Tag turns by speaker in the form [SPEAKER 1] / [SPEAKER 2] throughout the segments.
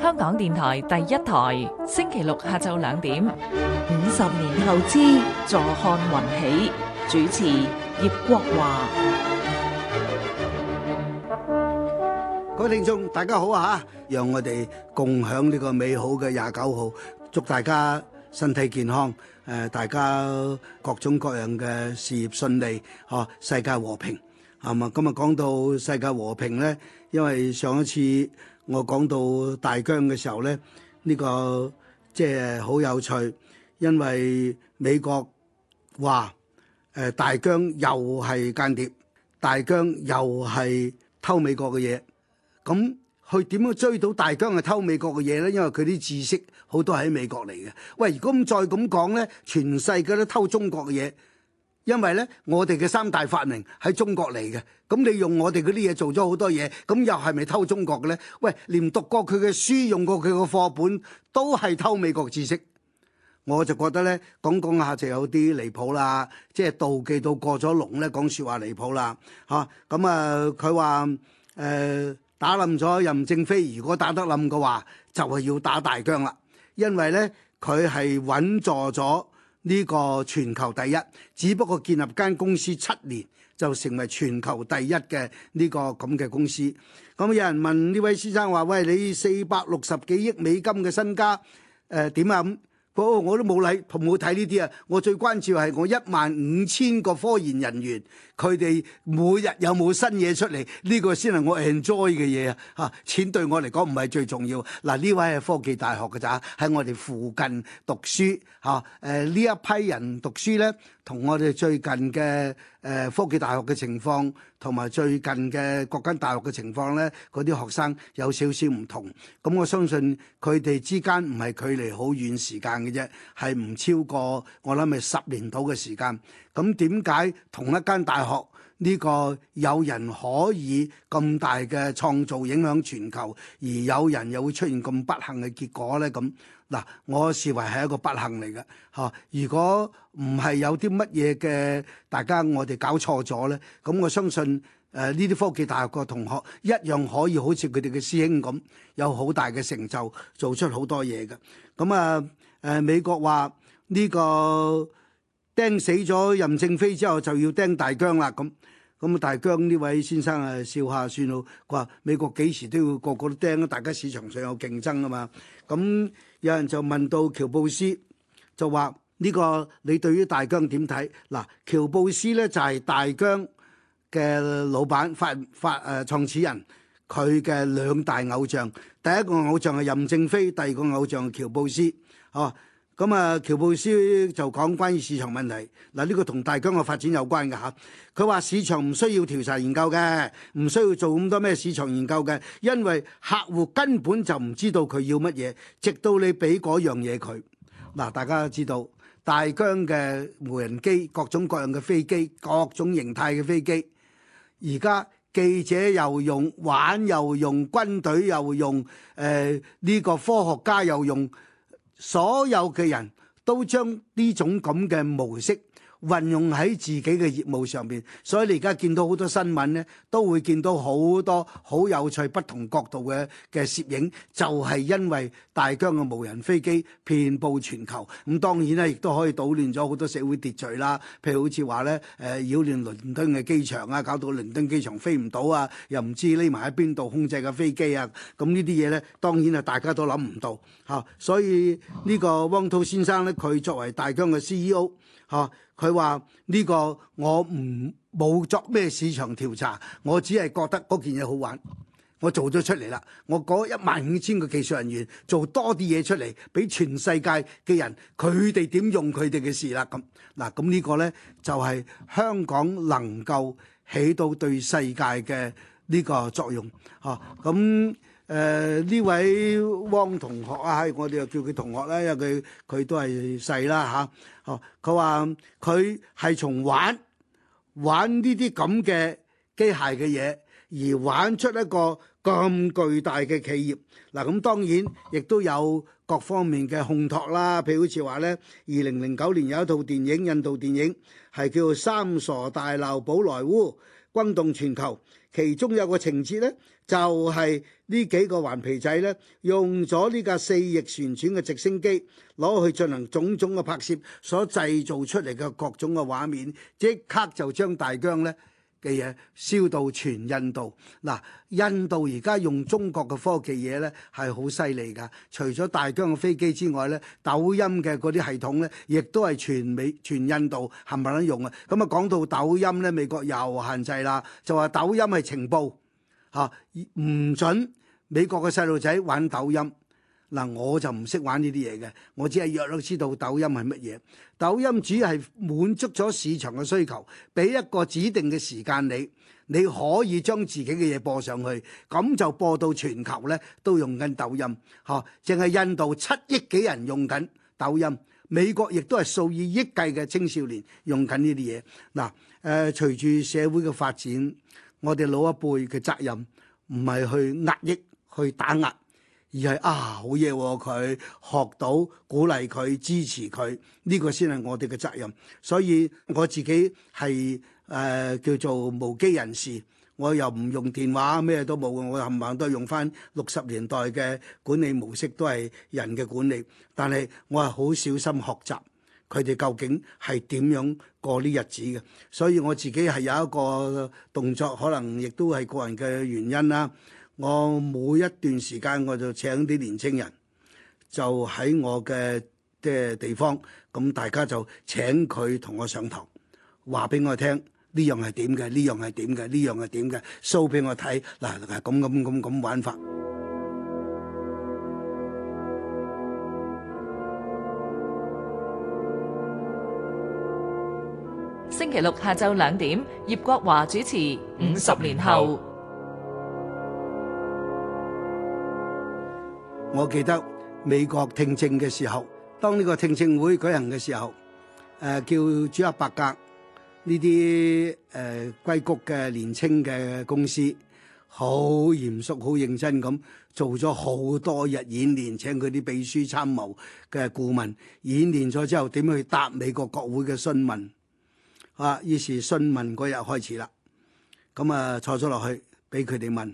[SPEAKER 1] 香港電台第一台，星期六下晝兩點。五十年後之，坐看雲起。主持葉國華。各位聽眾，大家好啊！讓我哋共享呢個美好嘅廿九號，祝大家身體健康。誒，大家各種各樣嘅事業順利，嗬，世界和平。係咪？今日講到世界和平咧，因為上一次我講到大疆嘅時候咧，呢個即係好有趣，因為美國話誒大疆又係間諜，大疆又係偷美國嘅嘢。咁佢點樣追到大疆係偷美國嘅嘢咧？因為佢啲知識好多喺美國嚟嘅。喂，如果咁再咁講咧，全世界都偷中國嘅嘢。因為呢，我哋嘅三大發明喺中國嚟嘅，咁你用我哋嗰啲嘢做咗好多嘢，咁又係咪偷中國嘅呢？喂，連讀過佢嘅書、用過佢嘅課本都係偷美國知識，我就覺得呢，講講下就有啲離譜啦，即係妒忌到過咗龍呢。講説話離譜啦，嚇咁啊！佢話誒打冧咗任正非，如果打得冧嘅話，就係要打大疆啦，因為呢，佢係穩坐咗。呢個全球第一，只不過建立間公司七年就成為全球第一嘅呢個咁嘅公司。咁有人問呢位先生話：「喂，你四百六十幾億美金嘅身家，誒點啊？我我都冇睇，冇睇呢啲啊！我最關注係我一萬五千個科研人員，佢哋每日有冇新嘢出嚟？呢個先係我 enjoy 嘅嘢啊！嚇，錢對我嚟講唔係最重要。嗱，呢位係科技大學㗎咋，喺我哋附近讀書嚇。誒，呢一批人讀書呢。同我哋最近嘅誒、呃、科技大學嘅情況，同埋最近嘅各間大學嘅情況呢，嗰啲學生有少少唔同。咁、嗯、我相信佢哋之間唔係距離好遠時間嘅啫，係唔超過我諗係十年到嘅時間。咁點解同一間大學呢、呢個有人可以咁大嘅創造影響全球，而有人又會出現咁不幸嘅結果呢？咁、嗯嗱，我視為係一個不幸嚟嘅，嚇！如果唔係有啲乜嘢嘅，大家我哋搞錯咗呢，咁我相信誒呢啲科技大學嘅同學一樣可以好似佢哋嘅師兄咁，有好大嘅成就，做出好多嘢嘅。咁啊誒，美國話呢個釘死咗任正非之後就要釘大疆啦，咁咁大疆呢位先生啊，笑下算囉，話美國幾時都要個個都釘啊，大家市場上有競爭啊嘛，咁。有人就問到喬布斯，就話呢個你對於大疆點睇？嗱，喬布斯呢就係大疆嘅老闆發發，誒創始人，佢嘅兩大偶像，第一個偶像係任正非，第二個偶像係喬布斯，嚇、啊。咁啊，喬布斯就講關於市場問題。嗱，呢個同大疆嘅發展有關嘅嚇。佢話市場唔需要調查研究嘅，唔需要做咁多咩市場研究嘅，因為客戶根本就唔知道佢要乜嘢，直到你俾嗰樣嘢佢。嗱，大家都知道大疆嘅無人機，各種各樣嘅飛機，各種形態嘅飛機。而家記者又用，玩又用，軍隊又用，誒呢個科學家又用。所有嘅人都將呢種咁嘅模式，運用喺自己嘅業務上面，所以你而家見到好多新聞咧，都會見到好多好有趣、不同角度嘅嘅攝影，就係、是、因為大疆嘅無人飛機遍佈全球。咁、嗯、當然咧，亦都可以搗亂咗好多社會秩序啦。譬如好似話呢，誒、呃、擾亂倫敦嘅機場啊，搞到倫敦機場飛唔到啊，又唔知匿埋喺邊度控制嘅飛機啊。咁呢啲嘢呢，當然啊，大家都諗唔到嚇、啊。所以呢個汪滔先生呢，佢作為大疆嘅 CEO 嚇、啊。佢話呢個我唔冇作咩市場調查，我只係覺得嗰件嘢好玩，我做咗出嚟啦。我嗰一萬五千個技術人員做多啲嘢出嚟，俾全世界嘅人佢哋點用佢哋嘅事啦。咁嗱，咁呢個呢，就係香港能夠起到對世界嘅呢個作用。嚇咁。誒呢、呃、位汪同學啊，我哋又叫佢同學啦，因為佢佢都係細啦嚇，哦、啊，佢話佢係從玩玩呢啲咁嘅機械嘅嘢，而玩出一個咁巨大嘅企業。嗱、啊，咁當然亦都有各方面嘅烘托啦，譬如好似話呢，二零零九年有一套電影，印度電影係叫《三傻大鬧寶萊塢》，轟動全球。其中有個情節呢，就係、是、呢幾個頑皮仔呢，用咗呢架四翼旋轉嘅直升機攞去進行種種嘅拍攝，所製造出嚟嘅各種嘅畫面，即刻就將大疆呢。嘅嘢燒到全印度嗱，印度而家用中國嘅科技嘢咧係好犀利㗎，除咗大疆嘅飛機之外咧，抖音嘅嗰啲系統咧，亦都係全美、全印度冚唪唥用啊！咁啊，講到抖音咧，美國又限制啦，就話抖音係情報嚇，唔、啊、準美國嘅細路仔玩抖音。嗱，我就唔識玩呢啲嘢嘅，我只係約略知道抖音係乜嘢。抖音主要係滿足咗市場嘅需求，俾一個指定嘅時間你，你可以將自己嘅嘢播上去，咁就播到全球咧都用緊抖音。嚇、啊，淨係印度七億幾人用緊抖音，美國亦都係數以億計嘅青少年用緊呢啲嘢。嗱、啊，誒、呃、隨住社會嘅發展，我哋老一輩嘅責任唔係去壓抑、去打壓。而係啊，好嘢、啊！佢學到，鼓勵佢，支持佢，呢、這個先係我哋嘅責任。所以我自己係誒、呃、叫做無機人士，我又唔用電話，咩都冇。我冚唪唥都係用翻六十年代嘅管理模式，都係人嘅管理。但係我係好小心學習佢哋究竟係點樣過呢日子嘅。所以我自己係有一個動作，可能亦都係個人嘅原因啦、啊。我每一段時間，我就請啲年輕人，就喺我嘅即係地方，咁大家就請佢同我上堂，話俾我聽呢樣係點嘅，呢樣係點嘅，呢樣係點嘅，show 俾我睇，嗱，係咁咁咁咁玩法。星期六下晝兩點，葉國華主持《五十年後》。我記得美國聽證嘅時候，當呢個聽證會舉行嘅時候，誒叫朱克伯格呢啲誒硅谷嘅年青嘅公司，好嚴肅、好認真咁做咗好多日演練，請佢啲秘書參謀嘅顧問演練咗之後，點樣去答美國國會嘅詢問啊。於是詢問嗰日開始啦，咁啊坐咗落去，俾佢哋問，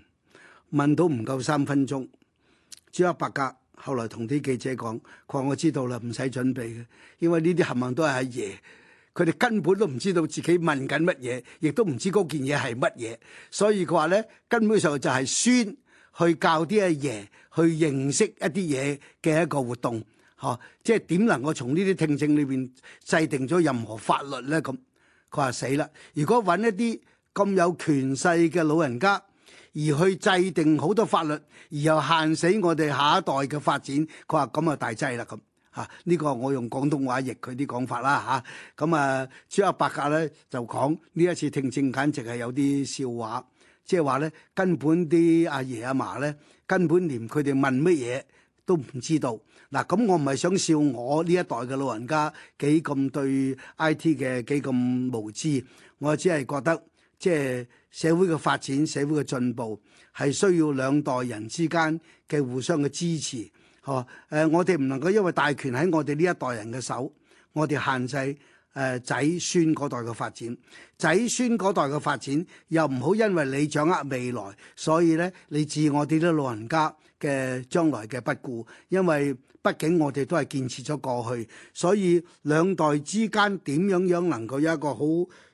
[SPEAKER 1] 問到唔夠三分鐘。朱克伯格後來同啲記者講，佢話我知道啦，唔使準備嘅，因為呢啲冚唪唥都係阿爺，佢哋根本都唔知道自己問緊乜嘢，亦都唔知嗰件嘢係乜嘢，所以佢話呢，根本上就係孫去教啲阿爺去認識一啲嘢嘅一個活動，嚇，即係點能夠從呢啲聽證裏邊制定咗任何法律呢？咁佢話死啦，如果揾一啲咁有權勢嘅老人家，而去制定好多法律，而又限死我哋下一代嘅發展，佢話咁啊，大劑啦咁嚇，呢個我用廣東話譯佢啲講法啦吓，咁啊，朱克伯格咧就講呢一次聽證簡直係有啲笑話，即係話咧根本啲阿爺阿嫲咧根本連佢哋問乜嘢都唔知道。嗱、啊、咁我唔係想笑我呢一代嘅老人家幾咁對 I T 嘅幾咁無知，我只係覺得。即係社會嘅發展，社會嘅進步係需要兩代人之間嘅互相嘅支持，嚇誒、呃，我哋唔能夠因為大權喺我哋呢一代人嘅手，我哋限制，誒仔、呃、孫嗰代嘅發展，仔孫嗰代嘅發展，又唔好因為你掌握未來，所以呢，你置我哋啲老人家嘅將來嘅不顧，因為畢竟我哋都係建設咗過去，所以兩代之間點樣樣能夠有一個好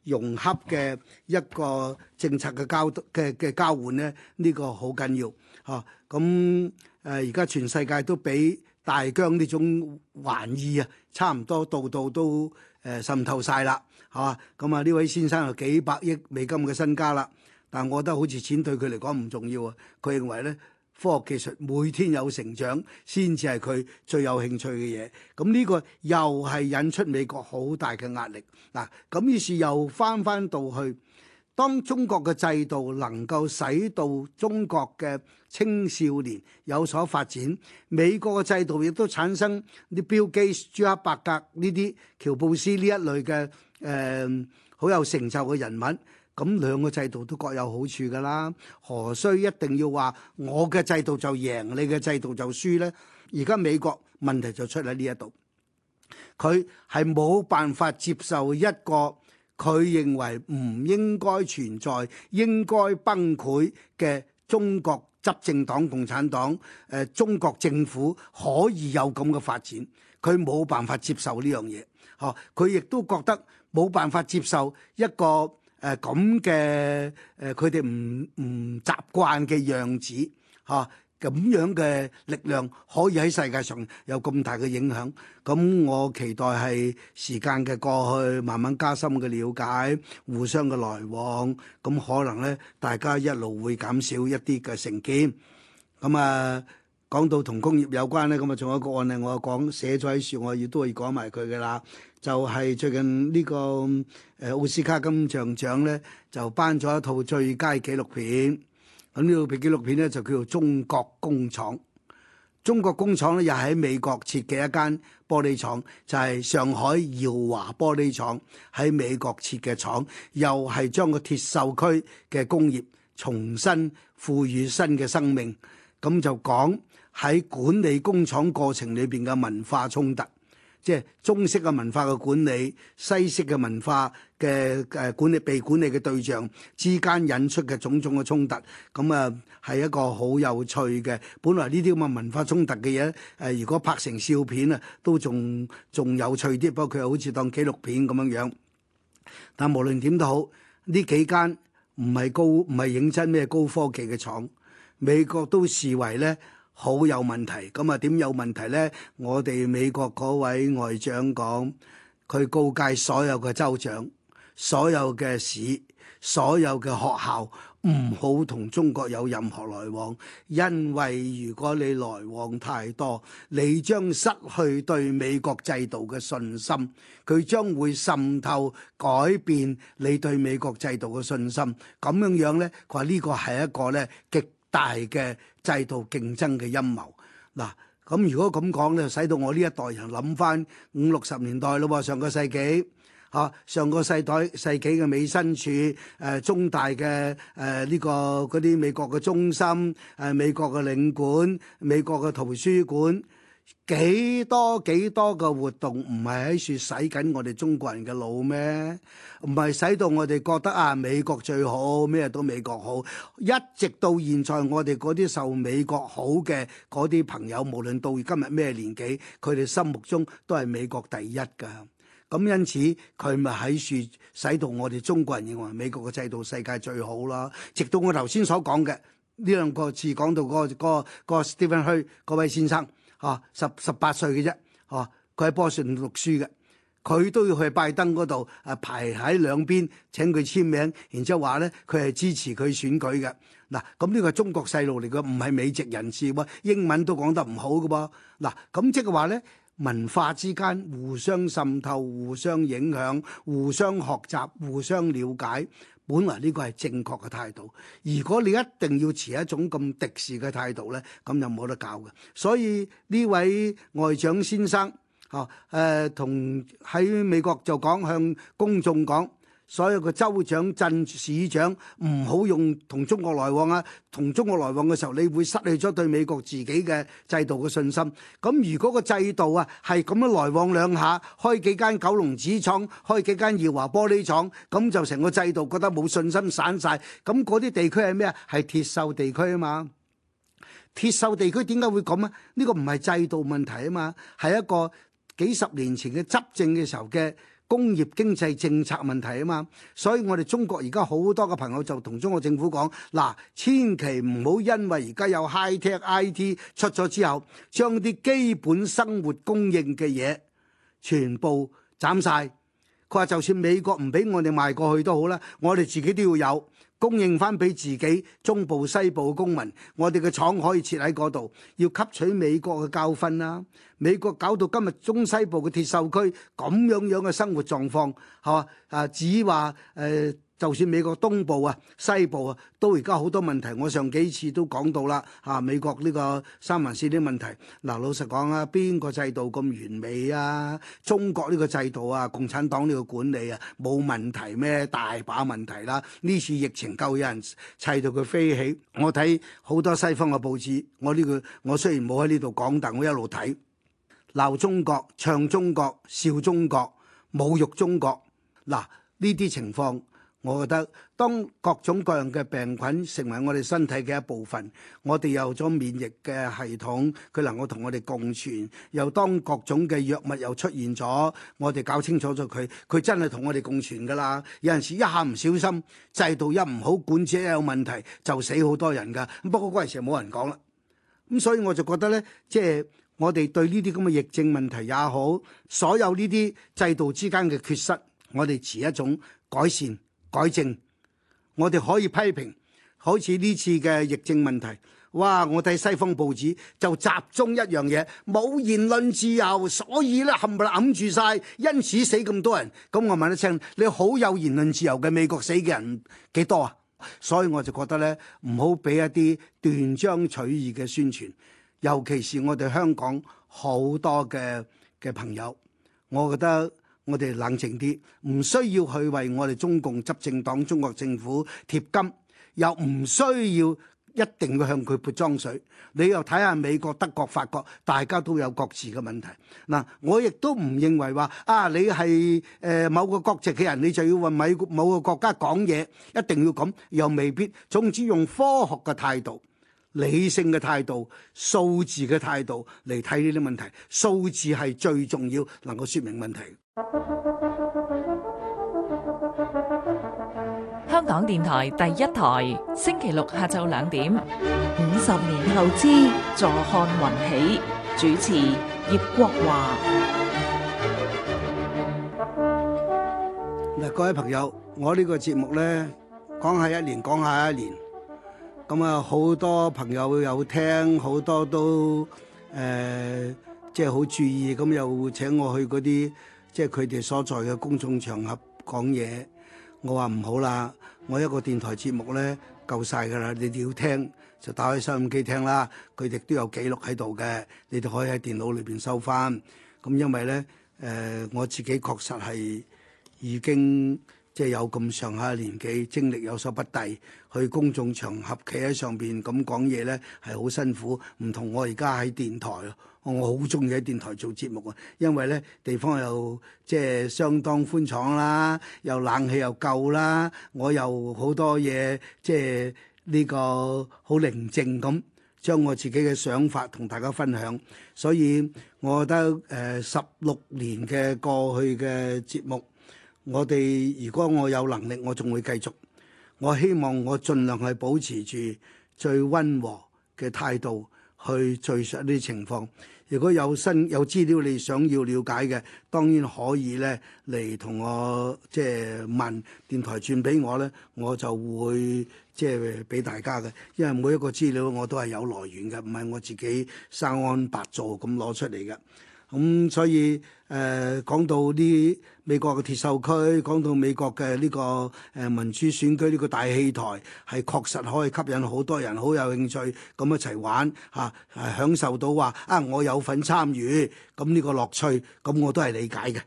[SPEAKER 1] 融洽嘅一個政策嘅交嘅嘅交換呢？呢、這個好緊要嚇。咁誒而家全世界都俾大疆呢種玩意啊，差唔多度度都。誒、呃、滲透晒啦，係嘛？咁啊呢位先生有幾百億美金嘅身家啦，但我覺得好似錢對佢嚟講唔重要啊。佢認為咧，科學技術每天有成長，先至係佢最有興趣嘅嘢。咁、嗯、呢、這個又係引出美國好大嘅壓力嗱。咁於是又返返到去。當中國嘅制度能夠使到中國嘅青少年有所發展，美國嘅制度亦都產生啲比爾蓋茨、朱克伯格呢啲、喬布斯呢一類嘅誒好有成就嘅人物，咁兩個制度都各有好處㗎啦，何須一定要話我嘅制度就贏，你嘅制度就輸呢？而家美國問題就出喺呢一度，佢係冇辦法接受一個。佢認為唔應該存在，應該崩潰嘅中國執政黨、共產黨，誒、呃、中國政府可以有咁嘅發展，佢冇辦法接受呢樣嘢，嚇！佢亦都覺得冇辦法接受一個誒咁嘅誒，佢哋唔唔習慣嘅樣子，嚇！咁樣嘅力量可以喺世界上有咁大嘅影響，咁我期待係時間嘅過去慢慢加深嘅瞭解，互相嘅來往，咁可能呢大家一路會減少一啲嘅成見。咁啊，講到同工業有關呢，咁啊仲有一個案例，我講寫咗喺書，我亦都可以講埋佢噶啦。就係最近呢個誒奧斯卡金像獎呢，就頒咗一套最佳紀錄片。咁呢部紀錄片咧就叫做《中國工廠》，中國工廠咧又喺美國設嘅一間玻璃廠，就係、是、上海耀華玻璃廠喺美國設嘅廠，又係將個鐵鏽區嘅工業重新賦予新嘅生命，咁就講喺管理工廠過程裏邊嘅文化衝突。即係中式嘅文化嘅管理，西式嘅文化嘅誒管理被管理嘅對象之間引出嘅種種嘅衝突，咁啊係一個好有趣嘅。本來呢啲咁嘅文化衝突嘅嘢，誒如果拍成笑片啊，都仲仲有趣啲。不過佢好似當紀錄片咁樣樣。但無論點都好，呢幾間唔係高唔係影真咩高科技嘅廠，美國都視為咧。好有問題，咁啊點有問題咧？我哋美國嗰位外長講，佢告誡所有嘅州長、所有嘅市、所有嘅學校，唔好同中國有任何來往，因為如果你來往太多，你將失去對美國制度嘅信心，佢將會滲透改變你對美國制度嘅信心。咁樣樣咧，佢話呢個係一個咧極。大嘅制度競爭嘅陰謀嗱，咁如果咁講咧，就使到我呢一代人諗翻五六十年代咯喎，上個世紀，嚇、啊、上個世代世紀嘅美新處，誒、呃、中大嘅誒呢個嗰啲美國嘅中心，誒、呃、美國嘅領館，美國嘅圖書館。幾多幾多嘅活動唔係喺度洗緊我哋中國人嘅腦咩？唔係洗到我哋覺得啊，美國最好，咩都美國好。一直到現在，我哋嗰啲受美國好嘅嗰啲朋友，無論到今日咩年紀，佢哋心目中都係美國第一㗎。咁因此佢咪喺度洗到我哋中國人認為美國嘅制度世界最好啦。直到我頭先所講嘅呢兩個字講到嗰、那個嗰 Stephen Huy 嗰位先生。啊，十十八歲嘅啫，哦、啊，佢喺波士頓讀書嘅，佢都要去拜登嗰度誒排喺兩邊請佢簽名，然之後話咧佢係支持佢選舉嘅。嗱、啊，咁呢個中國細路嚟嘅，唔係美籍人士喎，英文都講得唔好嘅噃。嗱、啊，咁即係話咧，文化之間互相滲透、互相影響、互相學習、互相了解。本來呢個係正確嘅態度，如果你一定要持一種咁敵視嘅態度呢，咁就冇得搞嘅。所以呢位外長先生，嚇、呃，誒同喺美國就講向公眾講。所有個州長、鎮市長唔好用同中國來往啊！同中國來往嘅時候，你會失去咗對美國自己嘅制度嘅信心。咁如果個制度啊係咁樣來往兩下，開幾間九龍紙廠，開幾間耀華玻璃廠，咁就成個制度覺得冇信心散晒。咁嗰啲地區係咩啊？係鐵鏽地區啊嘛。鐵鏽地區點解會咁啊？呢個唔係制度問題啊嘛，係一個幾十年前嘅執政嘅時候嘅。工業經濟政策問題啊嘛，所以我哋中國而家好多個朋友就同中國政府講：嗱，千祈唔好因為而家有 High Tech IT 出咗之後，將啲基本生活供應嘅嘢全部斬晒。佢話就算美國唔俾我哋賣過去都好啦，我哋自己都要有。供應翻俾自己中部、西部公民，我哋嘅廠可以設喺嗰度，要吸取美國嘅教訓啦。美國搞到今日中西部嘅鐵鏽區咁樣樣嘅生活狀況，係啊，至於話誒。就算美國東部啊、西部啊，都而家好多問題。我上幾次都講到啦。嚇、啊，美國呢個三藩市啲問題嗱、啊，老實講啊，邊個制度咁完美啊？中國呢個制度啊，共產黨呢個管理啊，冇問題咩？大把問題啦！呢次疫情夠有人砌到佢飛起。我睇好多西方嘅報紙，我呢句：「我雖然冇喺呢度講，但我一路睇鬧中國、唱中國、笑中國、侮辱中國。」嗱，呢啲情況。我覺得當各種各樣嘅病菌成為我哋身體嘅一部分，我哋有咗免疫嘅系統，佢能夠同我哋共存。又當各種嘅藥物又出現咗，我哋搞清楚咗佢，佢真係同我哋共存㗎啦。有陣時一下唔小心，制度一唔好，管治一有問題就死好多人㗎。不過嗰陣時冇人講啦。咁所以我就覺得呢，即係我哋對呢啲咁嘅疫症問題也好，所有呢啲制度之間嘅缺失，我哋持一種改善。改正，我哋可以批評好似呢次嘅疫症問題，哇！我睇西方報紙就集中一樣嘢，冇言論自由，所以咧冚唪唥掩住晒，因此死咁多人。咁我問一聲你好有言論自由嘅美國死嘅人幾多啊？所以我就覺得咧，唔好俾一啲斷章取義嘅宣傳，尤其是我哋香港好多嘅嘅朋友，我覺得。我哋冷靜啲，唔需要去為我哋中共執政黨中國政府貼金，又唔需要一定要向佢潑髒水。你又睇下美國、德國、法國，大家都有各自嘅問題，嗱，我亦都唔認為話啊，你係誒、呃、某個國籍嘅人，你就要為美國某個國家講嘢，一定要咁，又未必。總之用科學嘅態度、理性嘅態度、數字嘅態度嚟睇呢啲問題，數字係最重要，能夠說明問題。香港電台第一台，星期六下晝兩點。五十年後之，坐看雲起。主持葉國華。嗱，各位朋友，我呢個節目呢，講下一年，講下一年。咁啊，好多朋友有聽，好多都誒，即係好注意。咁又請我去嗰啲。即係佢哋所在嘅公眾場合講嘢，我話唔好啦，我一個電台節目呢夠晒㗎啦，你哋要聽就打開收音機聽啦，佢哋都有記錄喺度嘅，你哋可以喺電腦裏邊收翻。咁因為呢，誒、呃、我自己確實係已經。即係有咁上下年紀，精力有所不濟，去公眾場合企喺上邊咁講嘢咧，係好辛苦。唔同我而家喺電台，我好中意喺電台做節目啊，因為咧地方又即係相當寬敞啦，又冷氣又夠啦，我又好多嘢即係呢個好寧靜咁，將我自己嘅想法同大家分享。所以我覺得誒十六年嘅過去嘅節目。我哋如果我有能力，我仲會繼續。我希望我盡量係保持住最溫和嘅態度去敘述呢啲情況。如果有新有資料你想要了解嘅，當然可以咧嚟同我即係問電台轉俾我咧，我就會即係俾大家嘅。因為每一個資料我都係有來源嘅，唔係我自己生安白造咁攞出嚟嘅。咁、嗯、所以誒、呃、講到啲美國嘅鐵鏽區，講到美國嘅呢個誒民主選舉呢個大戲台，係確實可以吸引好多人，好有興趣咁一齊玩嚇、啊，享受到話啊我有份參與，咁、嗯、呢、這個樂趣，咁、嗯、我都係理解嘅。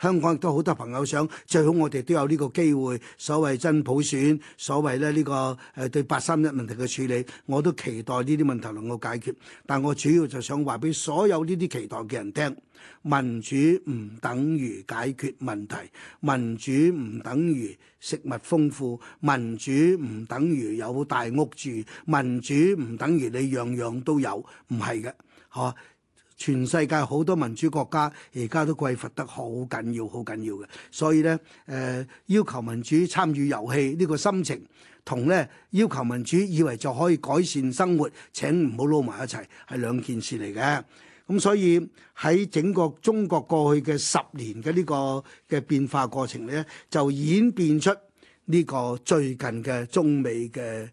[SPEAKER 1] 香港亦都好多朋友想最好我哋都有呢個機會，所謂真普選，所謂咧呢個誒對八三一問題嘅處理，我都期待呢啲問題能夠解決。但我主要就想話俾所有呢啲期待嘅人聽，民主唔等於解決問題，民主唔等於食物豐富，民主唔等於有大屋住，民主唔等於你樣樣都有，唔係嘅，嚇。全世界好多民主國家而家都匱乏得好緊要，好緊要嘅，所以咧誒、呃、要求民主參與遊戲呢個心情，同咧要求民主以為就可以改善生活，請唔好撈埋一齊，係兩件事嚟嘅。咁所以喺整個中國過去嘅十年嘅呢個嘅變化過程咧，就演變出呢個最近嘅中美嘅。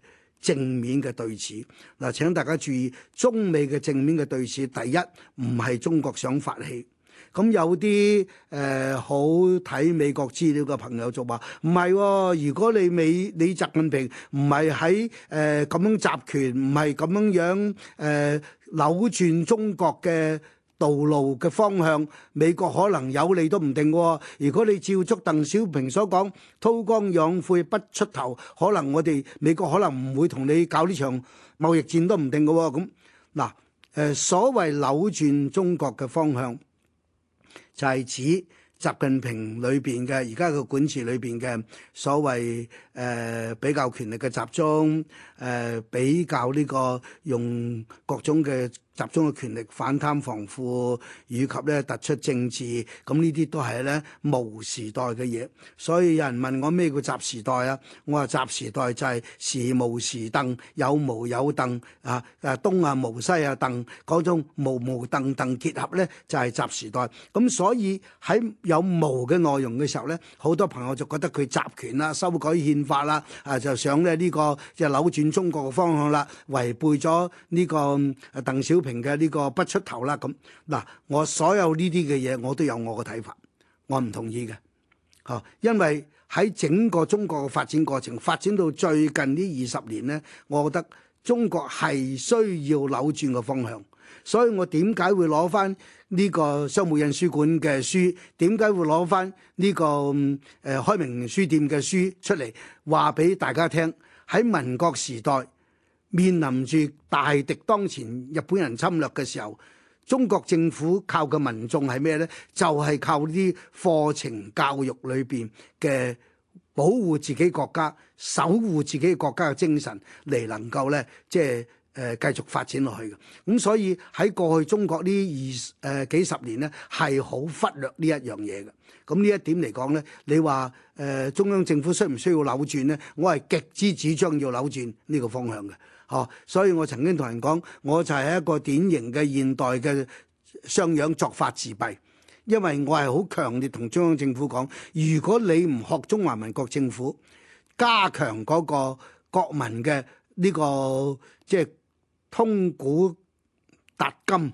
[SPEAKER 1] 正面嘅對峙，嗱，請大家注意，中美嘅正面嘅對峙，第一唔係中國想發起，咁有啲誒、呃、好睇美國資料嘅朋友就話唔係，如果你美你習近平唔係喺誒咁樣集權，唔係咁樣樣誒、呃、扭轉中國嘅。道路嘅方向，美國可能有利都唔定喎。如果你照足鄧小平所講，韜光養晦不出頭，可能我哋美國可能唔會同你搞呢場貿易戰都唔定嘅喎。咁嗱，誒所謂扭轉中國嘅方向，就係指習近平裏邊嘅而家嘅管治裏邊嘅所謂誒比較權力嘅集中，誒比較呢個用各種嘅。集中嘅權力、反貪防腐以及咧突出政治，咁呢啲都係咧毛時代嘅嘢。所以有人問我咩叫習時代啊？我話習時代就係時毛時鄧，有毛有鄧啊！誒東啊毛西啊鄧，種種毛毛鄧鄧結合咧就係習時代。咁所以喺有毛嘅內容嘅時候咧，好多朋友就覺得佢集權啦、修改憲法啦，啊就想咧呢個就扭轉中國嘅方向啦，違背咗呢個誒鄧小。平嘅呢個不出頭啦，咁嗱，我所有呢啲嘅嘢我都有我嘅睇法，我唔同意嘅。吓、哦，因為喺整個中國嘅發展過程，發展到最近呢二十年呢，我覺得中國係需要扭轉個方向，所以我點解會攞翻呢個商務印書館嘅書，點解會攞翻呢個誒、呃、開明書店嘅書出嚟話俾大家聽喺民國時代，面臨住大敵當前，日本人侵略嘅時候，中國政府靠嘅民眾係咩呢？就係、是、靠呢啲課程教育裏邊嘅保護自己國家、守護自己國家嘅精神嚟，能夠呢，即係誒、呃、繼續發展落去嘅。咁、嗯、所以喺過去中國呢二誒、呃、幾十年呢，係好忽略呢一樣嘢嘅。咁、嗯、呢一點嚟講呢，你話誒、呃、中央政府需唔需要扭轉呢？我係極之主張要扭轉呢個方向嘅。哦，oh，所以我曾經同人講，我就係一個典型嘅現代嘅商鞅作法自斃，因為我係好強烈同中央政府講，如果你唔學中華民國政府加強嗰個國民嘅呢、這個即係、就是、通古達今。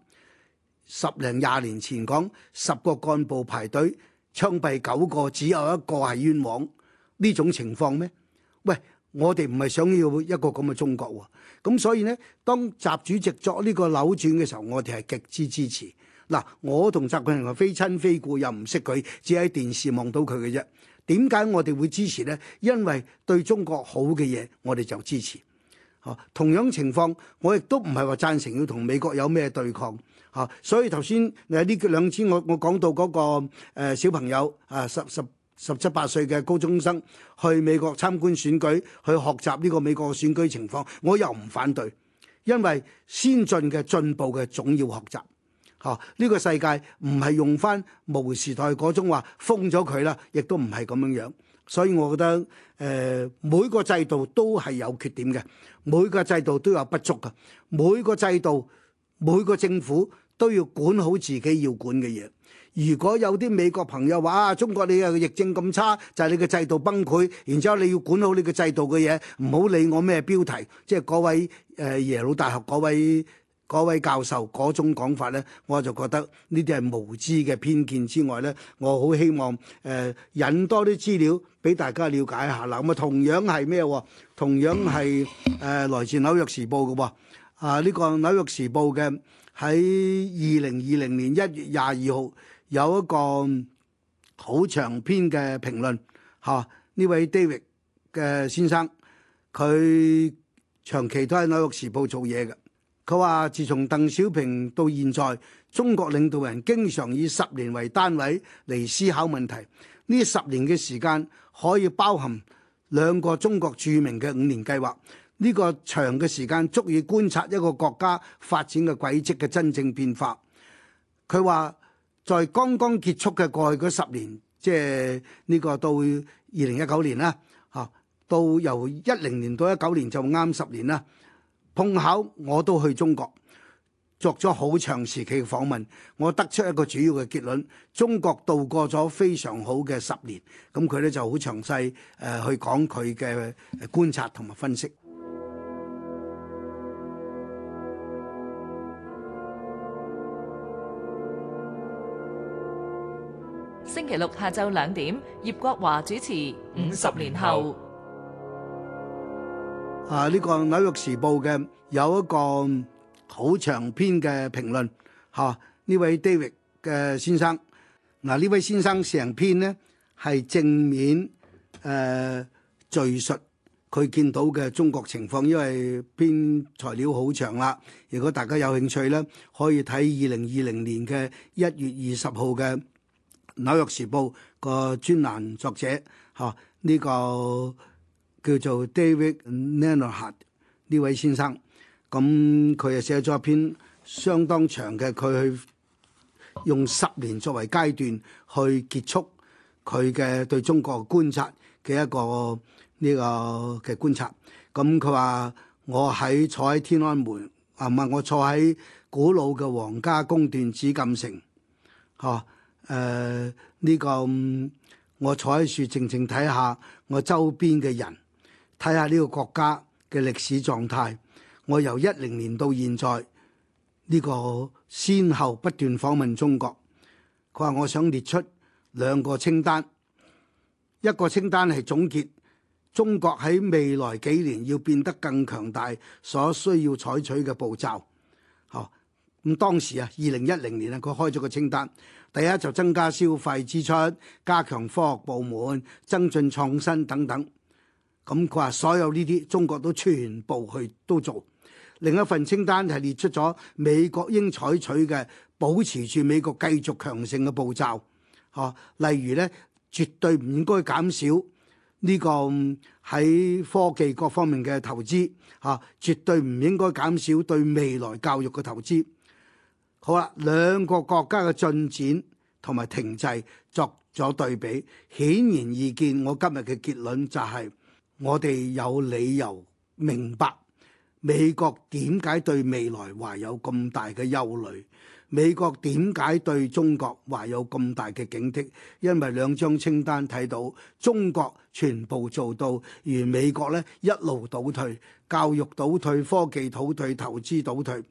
[SPEAKER 1] 十零廿年前講十個幹部排隊槍斃九個，只有一個係冤枉。呢種情況咩？喂，我哋唔係想要一個咁嘅中國喎。咁所以呢，當習主席作呢個扭轉嘅時候，我哋係極之支持。嗱，我同習近平係非親非故，又唔識佢，只喺電視望到佢嘅啫。點解我哋會支持呢？因為對中國好嘅嘢，我哋就支持。同樣情況，我亦都唔係話贊成要同美國有咩對抗。嚇！所以頭先誒呢兩次我我講到嗰個誒小朋友啊十十十七八歲嘅高中生去美國參觀選舉，去學習呢個美國嘅選舉情況，我又唔反對，因為先進嘅進步嘅總要學習嚇。呢個世界唔係用返毛時代嗰種話封咗佢啦，亦都唔係咁樣樣。所以我覺得誒每個制度都係有缺點嘅，每個制度都有不足嘅，每個制度每個政府，都要管好自己要管嘅嘢。如果有啲美國朋友話啊，中國你個疫症咁差，就係、是、你個制度崩潰，然之後你要管好你個制度嘅嘢，唔好理我咩標題，即係嗰位誒、呃、耶魯大學嗰位嗰位教授嗰種講法咧，我就覺得呢啲係無知嘅偏見之外咧，我好希望誒、呃、引多啲資料俾大家了解下。嗱，咁啊同樣係咩？同樣係誒、呃、來自紐約時報嘅喎，啊，呢、呢個紐約時報嘅。喺二零二零年一月廿二號有一個好長篇嘅評論，嚇、啊、呢位 David 嘅先生，佢長期都喺《紐約時報》做嘢嘅。佢話：自從鄧小平到現在，中國領導人經常以十年為單位嚟思考問題。呢十年嘅時間可以包含兩個中國著名嘅五年計劃。呢個長嘅時間足以觀察一個國家發展嘅軌跡嘅真正變化。佢話：在剛剛結束嘅過去嗰十年，即係呢個到二零一九年啦，吓、啊、到由一零年到一九年就啱十年啦。碰巧我都去中國，作咗好長時期嘅訪問，我得出一個主要嘅結論：中國度過咗非常好嘅十年。咁、嗯、佢呢就好詳細誒去講佢嘅觀察同埋分析。星期六下晝兩點，葉國華主持《五十年後》。啊，呢個紐約時報嘅有一個好長篇嘅評論，吓，呢位 David 嘅先生。嗱，呢位先生成篇呢係正面誒敘述佢見到嘅中國情況，因為篇材料好長啦。如果大家有興趣呢，可以睇二零二零年嘅一月二十號嘅。紐約時報個專欄作者嚇，呢個叫做 David Nellah 呢位先生咁，佢又寫咗一篇相當長嘅，佢去用十年作為階段去結束佢嘅對中國觀察嘅一個呢個嘅觀察。咁佢話：我喺坐喺天安門，唔係我坐喺古老嘅皇家宮殿紫禁城嚇。誒，呢、uh, 這個我坐喺樹靜靜睇下我周邊嘅人，睇下呢個國家嘅歷史狀態。我由一零年到現在呢、這個先後不斷訪問中國，佢話我想列出兩個清單，一個清單係總結中國喺未來幾年要變得更強大所需要採取嘅步驟。咁當時啊，二零一零年啊，佢開咗個清單，第一就增加消費支出，加強科學部門，增進創新等等。咁佢話所有呢啲中國都全部去都做。另一份清單係列出咗美國應採取嘅保持住美國繼續強盛嘅步驟，嚇、啊，例如咧，絕對唔應該減少呢、這個喺科技各方面嘅投資，嚇、啊，絕對唔應該減少對未來教育嘅投資。好啦，兩個國家嘅進展同埋停滯作咗對比，顯然易見我、就係。我今日嘅結論就係，我哋有理由明白美國點解對未來懷有咁大嘅憂慮，美國點解對中國懷有咁大嘅警惕，因為兩張清單睇到中國全部做到，而美國咧一路倒退，教育倒退，科技倒退，投資倒退。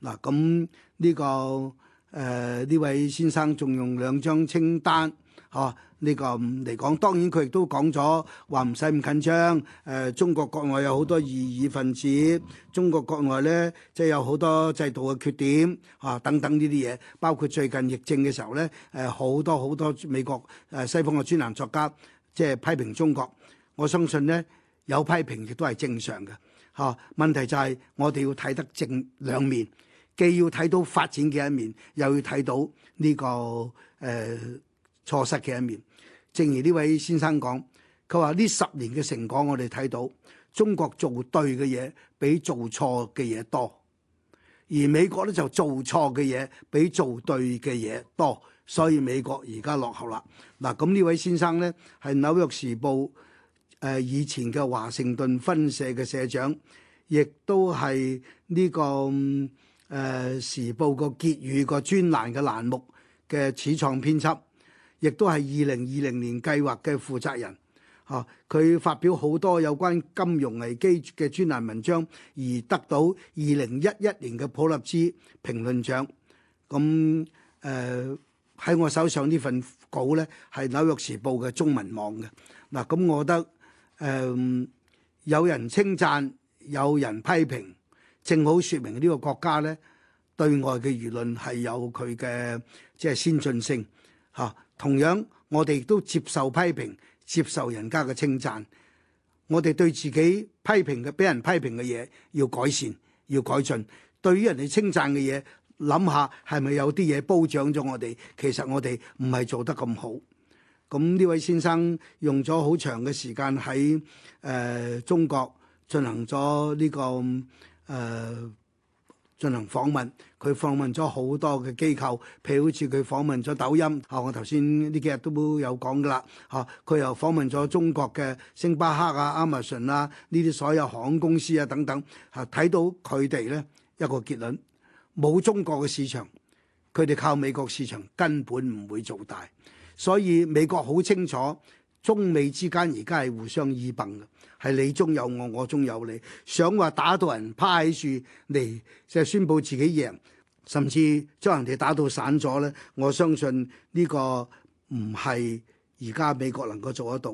[SPEAKER 1] 嗱咁呢個誒呢、呃、位先生仲用兩張清單嚇呢、啊這個嚟講，當然佢亦都講咗話唔使咁緊張。誒、啊、中國國外有好多異議分子，中國國外咧即係有好多制度嘅缺點嚇、啊、等等呢啲嘢。包括最近疫症嘅時候咧，誒、啊、好多好多美國誒西方嘅專欄作家即係、就是、批評中國。我相信咧有批評亦都係正常嘅嚇、啊。問題就係我哋要睇得正兩面。既要睇到發展嘅一面，又要睇到呢、這個誒、呃、錯失嘅一面。正如呢位先生講，佢話呢十年嘅成果我，我哋睇到中國做對嘅嘢比做錯嘅嘢多，而美國咧就做錯嘅嘢比做對嘅嘢多，所以美國而家落後啦。嗱，咁呢位先生呢係紐約時報誒、呃、以前嘅華盛頓分社嘅社長，亦都係呢、這個。嗯誒《時報》個結語個專欄嘅欄目嘅始創編輯，亦都係二零二零年計劃嘅負責人。嚇、啊，佢發表好多有關金融危機嘅專欄文章，而得到二零一一年嘅普立茲評論獎。咁誒喺我手上呢份稿咧，係《紐約時報》嘅中文網嘅。嗱、啊，咁我覺得誒、啊、有人稱讚，有人批評。正好說明呢個國家呢對外嘅輿論係有佢嘅即係先進性嚇、啊。同樣我哋亦都接受批評，接受人家嘅稱讚。我哋對自己批評嘅，俾人批評嘅嘢要改善要改進。對於人哋稱讚嘅嘢，諗下係咪有啲嘢褒獎咗我哋？其實我哋唔係做得咁好。咁呢位先生用咗好長嘅時間喺誒、呃、中國進行咗呢、呢個。誒進行訪問，佢訪問咗好多嘅機構，譬如好似佢訪問咗抖音，嚇我頭先呢幾日都有講㗎喇，嚇佢又訪問咗中國嘅星巴克啊、Amazon 啊呢啲所有航空公司啊等等，嚇睇到佢哋咧一個結論，冇中國嘅市場，佢哋靠美國市場根本唔會做大，所以美國好清楚中美之間而家係互相依憑嘅。係你中有我，我中有你。想話打到人趴喺樹嚟，就宣佈自己贏，甚至將人哋打到散咗呢，我相信呢個唔係而家美國能夠做得到。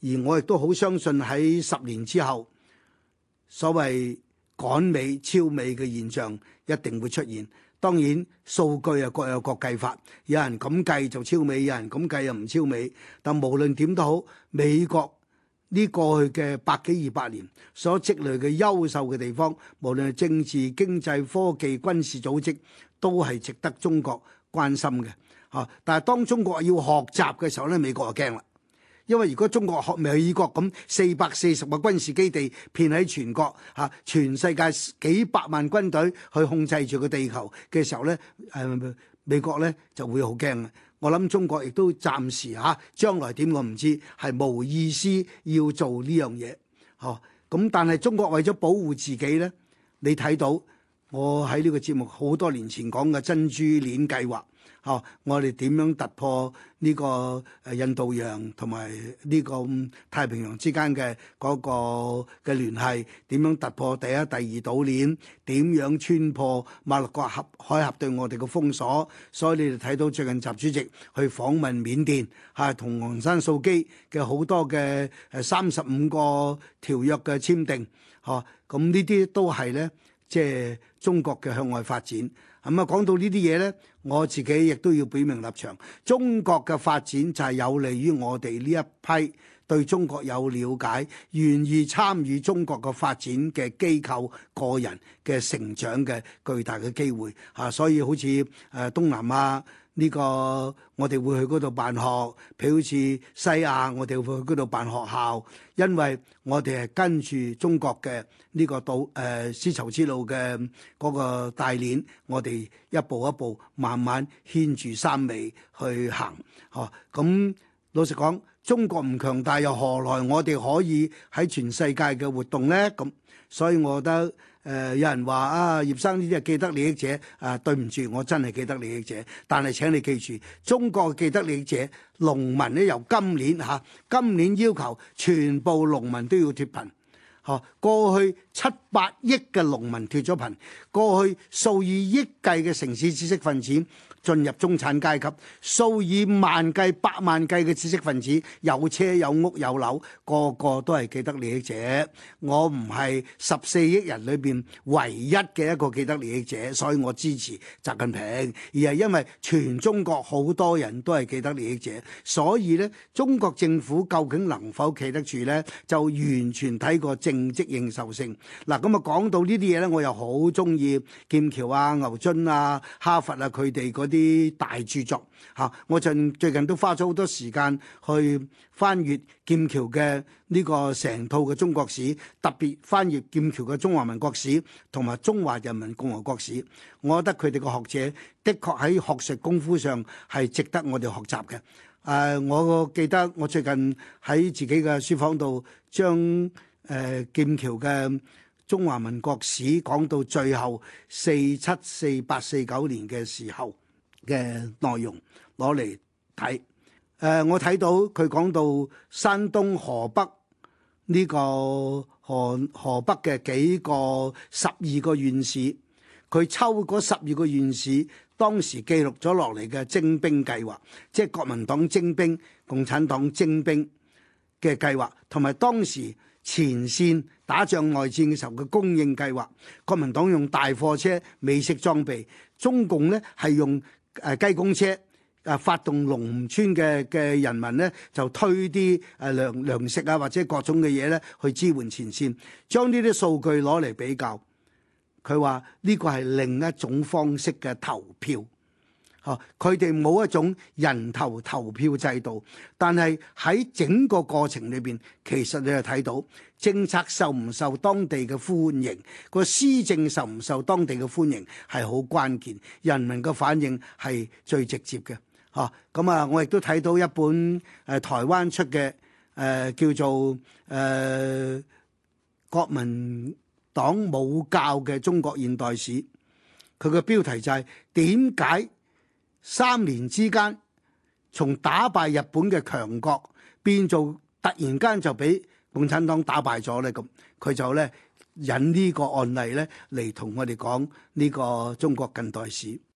[SPEAKER 1] 而我亦都好相信喺十年之後，所謂趕美超美嘅現象一定會出現。當然數據啊，各有各計法，有人咁計就超美，有人咁計又唔超美。但無論點都好，美國。呢，過去嘅百幾二百年所積累嘅優秀嘅地方，無論係政治、經濟、科技、軍事組織，都係值得中國關心嘅。嚇、啊！但係當中國要學習嘅時候咧，美國就驚啦。因為如果中國學美國咁，四百四十個軍事基地遍喺全國，嚇、啊、全世界幾百萬軍隊去控制住個地球嘅時候咧，誒、啊、美國咧就會好驚啦。我諗中國亦都暫時吓，將來點我唔知，係冇意思要做呢樣嘢，哦，咁但係中國為咗保護自己咧，你睇到我喺呢個節目好多年前講嘅珍珠鏈計劃。哦，我哋點樣突破呢個誒印度洋同埋呢個太平洋之間嘅嗰個嘅聯繫？點樣突破第一、第二島鏈？點樣穿破馬六甲海峽對我哋嘅封鎖？所以你哋睇到最近習主席去訪問緬甸，嚇同昂山素姬嘅好多嘅誒三十五個條約嘅簽訂，嚇咁呢啲都係呢，即係中國嘅向外發展。咁啊，講到呢啲嘢呢，我自己亦都要表明立場。中國嘅發展就係有利於我哋呢一批對中國有了解、願意參與中國嘅發展嘅機構、個人嘅成長嘅巨大嘅機會。嚇，所以好似誒東南亞。呢、這個我哋會去嗰度辦學，譬如好似西亞，我哋會去嗰度辦學校，因為我哋係跟住中國嘅呢個到誒、呃、絲綢之路嘅嗰個大鏈，我哋一步一步慢慢牽住三尾去行，嚇。咁老實講，中國唔強大又何來我哋可以喺全世界嘅活動呢？咁所以我覺得。誒、呃、有人話啊，葉生呢啲係既得利益者啊，對唔住，我真係既得利益者，但係請你記住，中國既得利益者，農民呢由今年嚇、啊，今年要求全部農民都要脫貧，嚇、啊、過去七八億嘅農民脫咗貧，過去數以億計嘅城市知識分子，進入中產階級，數以萬計、百萬計嘅知識分子，有車有屋有樓，個個都係既得利益者。我唔係十四億人裏邊唯一嘅一個既得利益者，所以我支持習近平，而係因為全中國好多人都係既得利益者，所以呢中國政府究竟能否企得住呢？就完全睇過政績認受性。嗱，咁啊，講到呢啲嘢呢，我又好中意劍橋啊、牛津啊、哈佛啊，佢哋嗰啲。啲大著作吓，我近最近都花咗好多時間去翻閱劍橋嘅呢個成套嘅中國史，特別翻閱劍橋嘅中華民國史同埋中華人民共和國史。我覺得佢哋嘅學者的確喺學術功夫上係值得我哋學習嘅。誒，我記得我最近喺自己嘅書房度將誒劍橋嘅中華民國史講到最後四七四八四九年嘅時候。嘅內容攞嚟睇，誒、呃、我睇到佢講到山東河北呢、呢個河河北嘅幾個十二個縣市。佢抽嗰十二個縣市當時記錄咗落嚟嘅徵兵計劃，即係國民黨徵兵、共產黨徵兵嘅計劃，同埋當時前線打仗外戰嘅時候嘅供應計劃，國民黨用大貨車美式裝備，中共呢係用。誒、啊、雞公車，誒、啊、發動農村嘅嘅人民呢，就推啲誒糧糧食啊，或者各種嘅嘢呢，去支援前線，將呢啲數據攞嚟比較。佢話呢個係另一種方式嘅投票。佢哋冇一種人頭投票制度，但係喺整個過程裏邊，其實你係睇到政策受唔受當地嘅歡迎，個施政受唔受當地嘅歡迎係好關鍵。人民嘅反應係最直接嘅。嚇、啊、咁啊！我亦都睇到一本誒、呃、台灣出嘅誒、呃、叫做誒、呃、國民黨武教嘅中國現代史，佢嘅標題就係點解？三年之間，從打敗日本嘅強國變做突然間就畀共產黨打敗咗咧，咁佢就咧引呢個案例咧嚟同我哋講呢個中國近代史。